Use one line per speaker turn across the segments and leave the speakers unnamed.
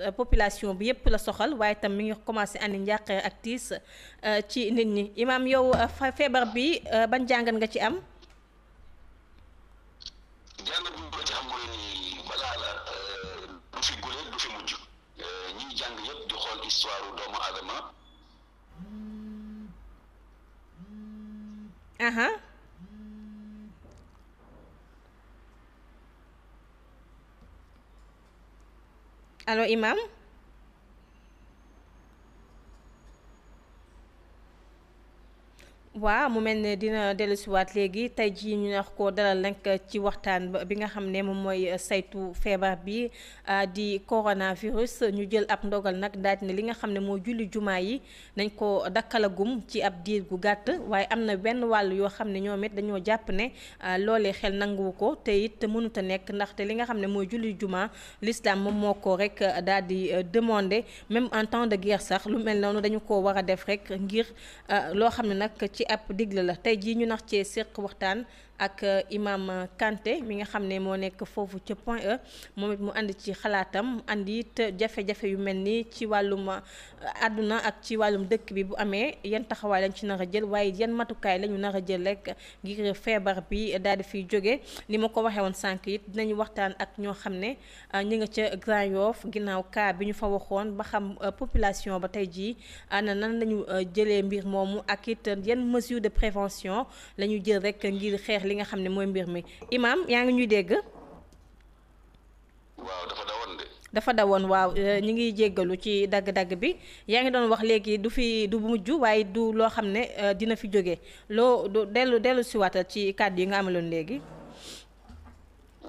Euh, population bi yëpp la soxal waaye tam mi ngi commencé andi njàqare ak tiis euh, ci nit ñi imaam yow euh, feebar bi ban jàngat nga ci am. jàngat bi nga ci am mooy
ni balaa la fi gule du fi mujj ñiy jàng yëpp di xool doomu aadama.
allo Imaam. waaw mu mel ne dina dellusiwaat léegi tey jii ñu wax ko dalal nag ci waxtaan bi nga xam ne moom mooy saytu feebar bi di coronavirus ñu jël ab ndogal nag daaj ne li nga xam ne mooy julli jumaa yi dañ ko dakkalagum ci ab diir gu gàtt waaye am na benn wàll yoo xam ne ñoom it dañoo jàpp ne loolee xel nanguwu ko te it mënut a nekk ndaxte li nga xam ne mooy julli jumaa l'islam moom moo ko rek daal di demander même en temps de guerre sax lu mel noonu dañu ko war a def rek app digle la tey jii ñu nax cee séq waxtaan ak euh, imam Kanté mi nga xam ne moo nekk foofu ca Point E moom it mu ànd ci xalaatam mu ànd it jafe-jafe yu mel ni ci wàllum euh, àdduna ak ci wàllum dëkk bi bu amee yan taxawaay lañ ci nar a jël waaye yan matukaay la ñu nar a jël rek ngir feebar bi daal di fi jóge ni ma ko waxee woon sànq it dinañu waxtaan ak ñoo xam ne euh, ñi nga ca Grand Yoff ginnaaw cas bi ñu fa waxoon ba xam population ba tey jii ana nan lañu jëlee mbir moomu ak it yan mesure de prévention la ñu jël rek ngir xeex li nga xam ne mooy mbir mi imaam yaa ngi ñuy dégg. waaw dafa dawoon de. dafa dawoon waaw euh, ñu ngiy jéggalu ci dagg-dagg bi yaa ngi doon wax léegi du fi du mujj waaye du loo xam ne euh, dina fi jóge loo dellu dellu si waatal ci kàddu yi nga amaloon léegi.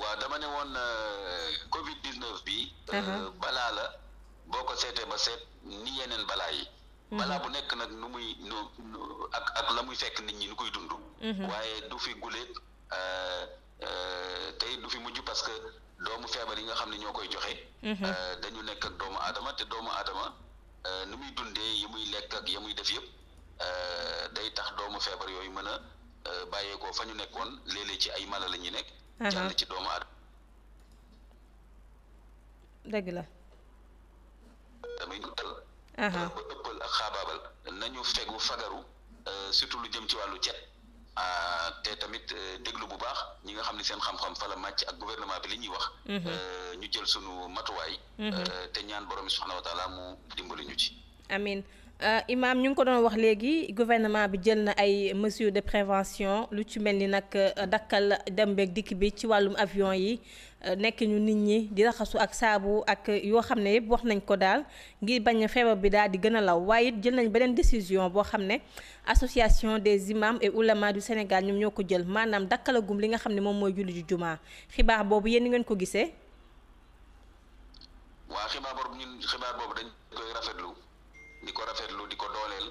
waaw dama ne woon euh, Covid 19 bi.
Uh-huh. balaa la boo ko seetee ba seet ni yeneen balaa yi. Mm-hmm. balaa bu nekk nag nu muy nu ak ak la muy fekk nit ñi nu koy dund mm-hmm. waaye du fi guléet euh, euh, tey du fi mujj parce que doomu feebar yi nga xam ne ñoo koy joxe mm-hmm. euh, dañu nekk ak doomu adama te doomu aadama nu muy dundee yi muy lekk ak ya muy def yëpp day tax doomu feebar yooyu mën a bàyyeekoo fa ñu nekkoon léeg-léeg ci ay mala la nekk uh-huh. jàll ci doomu aadama
dëgg la damay dal
ak xaabaabal nañu fegu fagaru euh, surtout lu jëm ci wàllu cet ah, te tamit euh, déglu bu baax ñi nga xam ne seen xam-xam fa la a ak bi li ñuy wax mhm. euh, ñu jël sunu matuwaay mhm. te ñaan
borom bi subhanahu wa taala mu dimbali ñu ci amin Euh, Imaam ñu ngi ko doon wax léegi gouvernement bi jël na ay mesures de prévention lu ci mel ni nag euh, dakkal dem beeg dikk bi ci wàllum avion yi euh, nekk ñu nit ñi di raxasu ak saabu ak yoo xam ne yëpp wax nañ ko daal ngir bañ feebar bi daal di gën a law waaye it jël nañ beneen décision boo xam ne association des imams et oulémas du Sénégal ñoom ñoo ko jël maanaam dakkalagum li nga xam ne moom mooy julli jumaa xibaar boobu yéen ngeen ko gisee.
waaw xibaar boobu di ko rafetlu di ko dooleel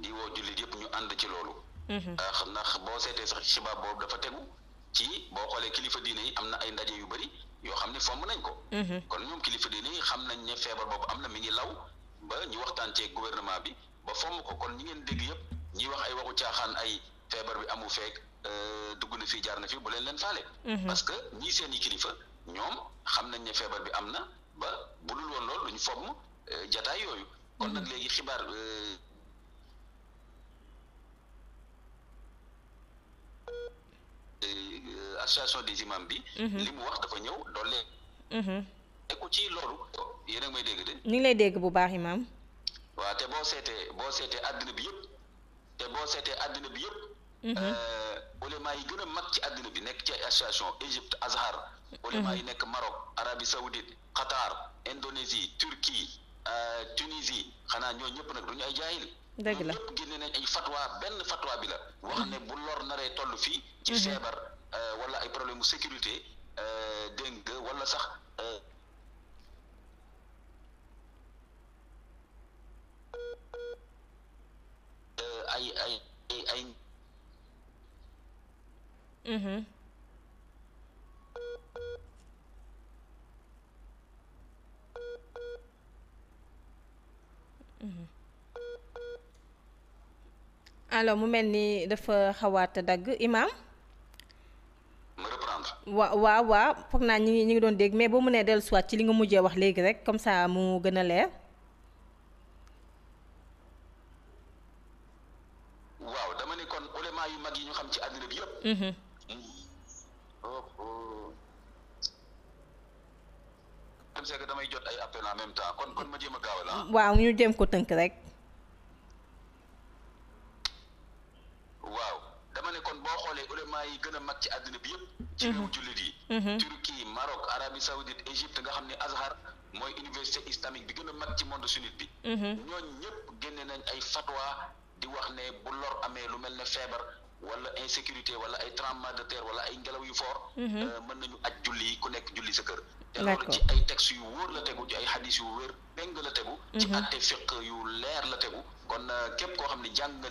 di woo jullit yëpp ñu ànd ci loolu ndax mm-hmm. euh, ndax boo seetee sax xibaar boobu dafa tegu ci boo xoolee kilifa diine yi am na ay ndaje yu bëri yoo xam ne fomb nañ ko mm-hmm. kon ñoom kilifa diine yi xam nañ ne feebar boobu am na mi ngi law ba ñu waxtaan ci gouvernement bi ba fomm ko kon ñi ngeen dégg yëpp ñi wax ay waxu caaxaan ay feebar bi amu feek euh, dugg na fii jaar na fii bu leen leen mm-hmm. parce que ñii seen kilifa ñoom xam nañ ne feebar bi am na ba bu dul woon loolu lu ñu fomm euh, jataay yooyu kon nag mm-hmm. léegi xibaar euh, euh, association des imams bi mm-hmm. li mu wax dafa ñëw doole
mm-hmm. eku ci loolu yéen may dégg de ñu ngi lay dégg bu baax imam
waaw te boo seetee boo seetee àddina bi yëpp te boo seetee àddina bi yëpp euh, ulema yi gën a mag ci àddina bi nekk ci association Égypte Azhar ulema
yi nekk Maroc Arabie Saoudite Qatar Indonésie Turquie Euh, Tunisie xanaa ñoo ñëpp nag du ñu ay jaayil dëgg la ñëpp génne
nañ ay fatwa benn fatwa bi la wax ne bu lor naree toll fii ci mhm. feebar euh, wala ay problème mu sécurité euh, dégg nga wala sax ay ay ay ay mhm.
alors mu mel ni dafa xawaat dagg Imaam. ma reprendre. waaw waaw waaw foog naa ñi ngi ñi ngi doon dégg mais boo mënee dellusiwaat ci li nga mujjee wax léegi rek comme ça mu gën a leer. waaw dama ne kon ulama yu ñu xam ci mm-hmm. kon ma jéem a gaawal ah. waaw ñu jéem ko tënk rek. waaw dama ne kon boo xoolee ulama yi gën a mag
ci àddina bi yëpp. ci mhm. réew jullit yi. Mhm. Turquie Maroc Arabie Saoudite Égypte nga xam ne Azhar mooy université islamique bi gën a mag ci monde sunnite bi. Mhm. ñooñ ñëpp génne nañ ay fatwa di wax ne bu lor amee lu mel ne feebar. wala insécurité wala ay tremblement de terre wala ay ngelaw yu foor
euh, mën nañu aj
julli ku nekk julli sa kër te loolu ci ay textes yu wóor la tegu ci ay xadis yu wér péng
la tegu ci atte
fiq yu leer la tegu kon euh, képp koo xam ne jàng nga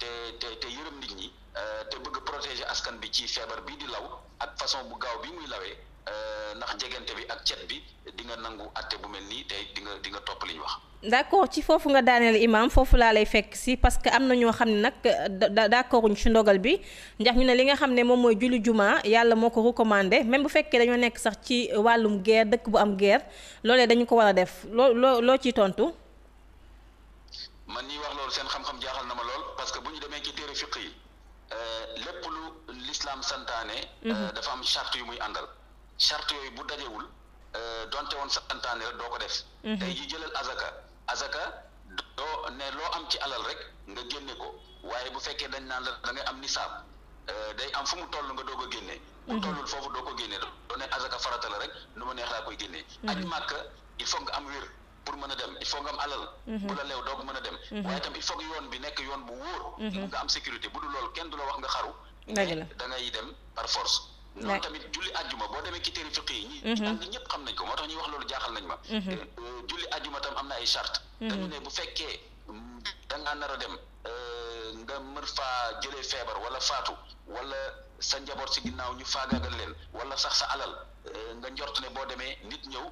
te te te yërëm nit ñi euh, te bëgg protéger askan bi ci feebar bii di law ak façon bu gaaw bi muy lawee euh, ndax jegante bi ak cet bi di nangu atte bu mel nii te
di topp li wax. d'accord ci foofu nga daaneel imam foofu laa lay fekk si parce que am na ñoo xam ne nag euh, d'accorduñ ci ndogal bi ndax ñu ne li nga xam ne moom mooy julli jumaa yàlla moo ko recommandé même bu fekkee dañoo nekk sax ci wàllum guerre dëkk bu am guerre loolee dañu ko war a def loo loo ciy tontu.
man ñuy wax loolu seen xam-xam jaaxal na ma lool parce que bu ñu demee ci téere fiq yi euh, lépp lu lislaam santaane. Euh, mhm. dafa am charte yu muy àndal charte yooyu bu dajewul euh, donte woon santaane rek doo ko def. Mhm. tey ji jëlal azaka azaka doo ne loo am ci alal rek nga génne ko waaye bu fekkee dañ naan la da ngay am nisaab day am fu mu toll nga doo a génne. bu mhm. tollul foofu doo ko génne doo ne azaka farata rek nu ma neex laa koy génne. aj màkk il faut nga am wér. pour mën a dem il faut nga am alal. Mhm. bu la leew doog mën a dem. Mhm. waaye tam il faut yoon bi nekk yoon bu wóor. Mhm. nga am sécurité bu dul loolu kenn du la wax nga xaru. dëgg dem par force. tamit julli ajjuma boo demee ci téere fiq yi
ñi jàng ñëpp xam nañ ko moo tax ñuy
wax loolu jaaxal nañ ma euh, julli ajjuma tam am na ay charte dañu ne bu fekkee mm, da ngaa nar a dem euh, nga mër faa jëlee feebar wala faatu wala sa njaboot si ginnaaw ñu faagaagal leen wala sax sa alal euh, nga njort ne boo demee nit ñëw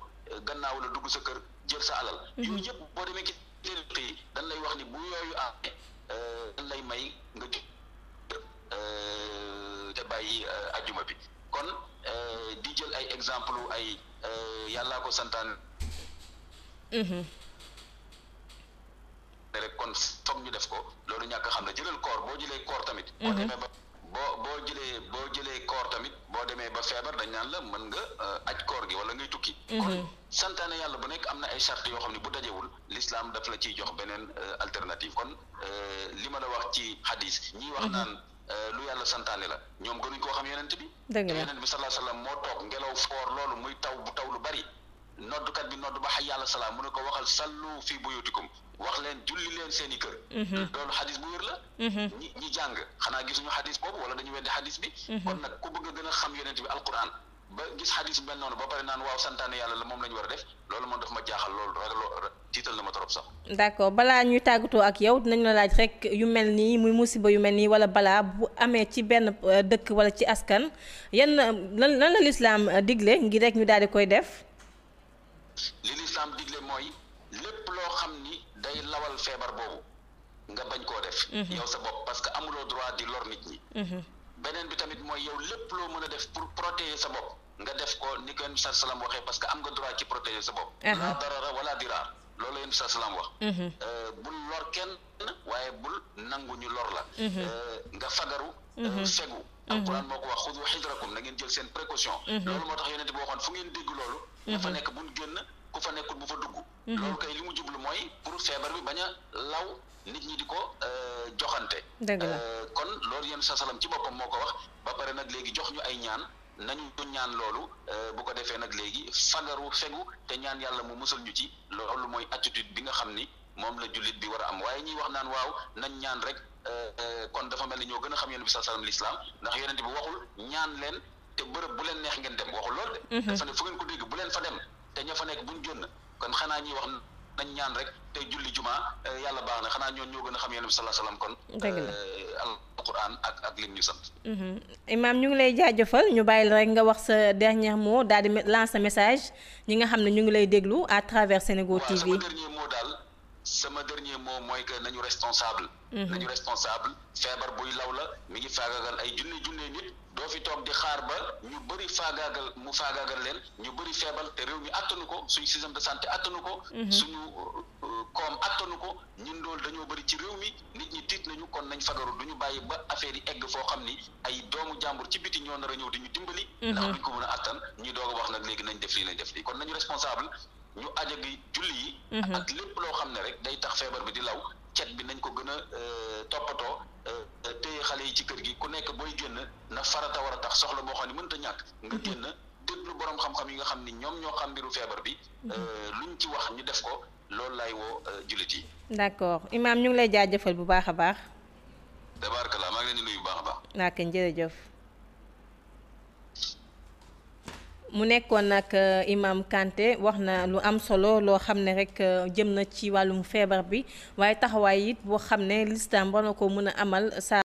gannaaw la dugg sa kër jël sa alal. Mhm. yooyu yëpp boo demee ci yeneen dañ lay wax ni bu yooyu amee euh, dañ lay may nga jóg euh, te bàyyi euh, ajjuma bi kon di jël ay exemple ay yàllaa ko santaan mhm. rek kon foog ñu def ko loolu ñàkk xam ne jëlal koor boo jëlee koor tamit mhm. boo demee ba boo boo jëlee boo jëlee
koor tamit boo demee ba feebar dañ naan la mën nga euh, aj koor gi wala ngay tukki mhm. kon santaane yàlla bu nekk am na ay
charte yoo xam ne bu dajewul l'islam daf la ciy jox beneen euh, alternative kon euh, li ma la wax ci
hadis ñi wax mhm. naan lu yàlla santaane la ñoom gënuñ koo xam yonent bi dëgg la yonent bi salaa sallam moo toog ngelaw foor loolu muy taw bu
taw lu bari noddukat bi nodd ba xay yàlla salaam mu ne ko waxal sallu fi buyutikum wax leen julli leen seen i kër. Mhm. loolu xadis bu wér la. Mhm. ñi ñi jàng xanaa gisuñu xadis boobu wala dañu weddi xadis bi. Mhm. kon nag ku bëgg a gën a xam yonent bi alquran ba gis xadis bu noonu ba pare naan waaw santaane yàlla la moom la ñu war a def loolu moom daf ma jaaxal
loolu rek loo tiital na ma trop sax. d'accord balaa ñuy tàggatoo ak yow dinañ la laaj rek yu mel nii muy musiba yu mel nii wala balaa bu amee ci benn euh, dëkk wala ci askan yan lan lan la lislaam digle ngir rek ñu daal di koy def.
li mooy. lépp loo xam ni day
lawal feebar boobu nga bañ koo def mhm. yow sa bopp parce que amuloo droit di lor nit ñi mhm. beneen bi tamit mooy yow lépp loo mën a def pour protéger sa bopp nga def ko ni ko yéen sa salaam waxee
parce que am nga droit ci protéger sa bopp mhm. laa darara wala diraar loolu yéen sa salaam wax euh, la euh, nga fagaru euh, fegu alquran moo ko wax xudu xidrakum na ngeen ngeen dégg loolu dafa nekk buñ génn ku fa nekkul bu fa dugg. Mhm. loolu kay
li mu jublu mooy pour feebar bi bañ a law nit ñi di ko euh, joxante. Euh, kon loolu yéen sa salam ci boppam moo ko wax
ba pare nag léegi jox ñu ay ñaan. nañu ñaan loolu euh, bu ko defee nag léegi fagaru fegu te ñaan yàlla mu musal ñu ci loolu mooy attitude bi nga xam ni moom la jullit bi war a am waaye ñuy wax naan waaw nañ ñaan rek kon dafa mel ni ñoo gën a xam yonent bi saa sallam lislaam ndax yonent bi waxul ñaan leen te bërëb bu leen neex ngeen de mhm. dafa ne ngeen ko dégg bu leen fa dem te ña fa nekk buñ génn kon xanaa ñuy wax nañ ñaan rek te julli juma eh, yàlla baax na xanaa ñoon ñoo gën a xam yéen bi salaa la eh, alquran ak ak lim ñu
mm-hmm. imaam ñu ngi lay jaajëfal ñu bàyyi la rek nga wax sa dernier moo daal di sa message ñi nga xam ne ñu ngi lay déglu à travers Senego
sama dernier mot mooy que nañu responsable. Mhm. nañu responsable feebar buy law la mi ngi faagaagal ay junne junne nit doo fi toog di xaar ba ñu bëri faagaagal mu faagaagal leen ñu bari feebal te réew mi attanu ko suñu système de santé attanu ko. Mhm. suñu euh, euh, koom attanu ko ñun loolu dañoo bëri ci réew mi nit ñi tiit nañu kon nañ fagaru du ñu bàyyi ba affaire yi egg foo xam ni ay doomu jàmbur ci biti ñoo nar a ñëw di ñu dimbali. Mhm. ndax duñ ko mën a attan ñuy doog wax nag léegi nañ def lii nañ def lii kon nañu responsable. ñu aja gi julli
yi mhm. ak
lépp loo xam ne rek day tax feebar bi di law cet bi nañ ko gën a euh, toppatoo euh, téye xale yi ci kër gi ku nekk booy génn na farata war a tax soxla boo xam ne mënta ñàkk nga mhm. génn déglu borom xam-xam yi nga xam ni ñoom ñoo xam mbiru feebar bi mhm. euh, luñ ci wax ñu def ko loolu lay woo jullit yi
d'accord imaam ñu ngi lay jaajëfal bu baax a baax laa maa ngi leen di nuyu bu baax a baax naa kenn jërëjëf mu nekkoon nag euh, Imam Kanté wax na lu am solo loo xam ne rek euh, jëm na ci wàllum feebar bi waaye taxawaay it boo xam ne lislaam war na ko mën a amal saa